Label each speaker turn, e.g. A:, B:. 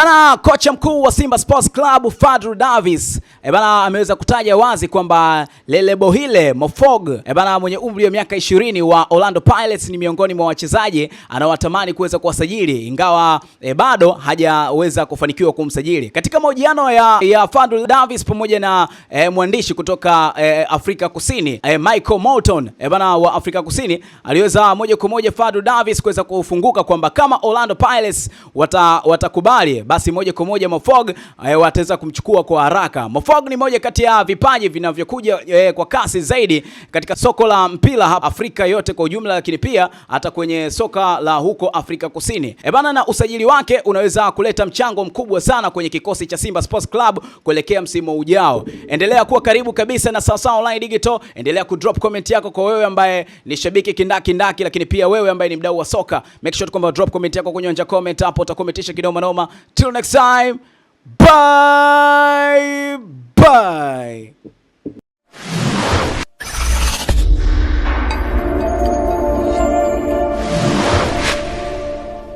A: Bana, kocha mkuu wa Simba Sports Club Fadru Davis e bana, ameweza kutaja wazi kwamba Lelebohile Mofog e bana, mwenye umri wa miaka 20 wa Orlando Pirates ni miongoni mwa wachezaji anawatamani kuweza kuwasajili, ingawa e, bado hajaweza kufanikiwa kumsajili. Katika mahojiano ya, ya Fadru Davis pamoja na e, mwandishi kutoka e, Afrika Kusini e, Michael Morton e bana, wa Afrika Kusini aliweza moja kwa moja Fadru Davis kuweza kufunguka kwamba kama Orlando Pirates watakubali wata basi moja kwa moja Mofog eh, wataweza kumchukua kwa haraka. Mofog ni moja kati ya vipaji vinavyokuja eh, kwa kasi zaidi katika soko la mpira hapa Afrika yote kwa ujumla, lakini pia hata kwenye soka la huko Afrika Kusini. E bana, na usajili wake unaweza kuleta mchango mkubwa sana kwenye kikosi cha Simba Sports Club kuelekea msimu ujao. Endelea kuwa karibu kabisa na Sawasawa Online Digital, endelea ku drop comment yako kwa wewe ambaye ni shabiki kindaki ndaki, lakini pia wewe ambaye ni mdau wa soka, make sure kwamba drop comment yako kwenye anja comment hapo, utakometisha kidoma noma. Till next time, bye.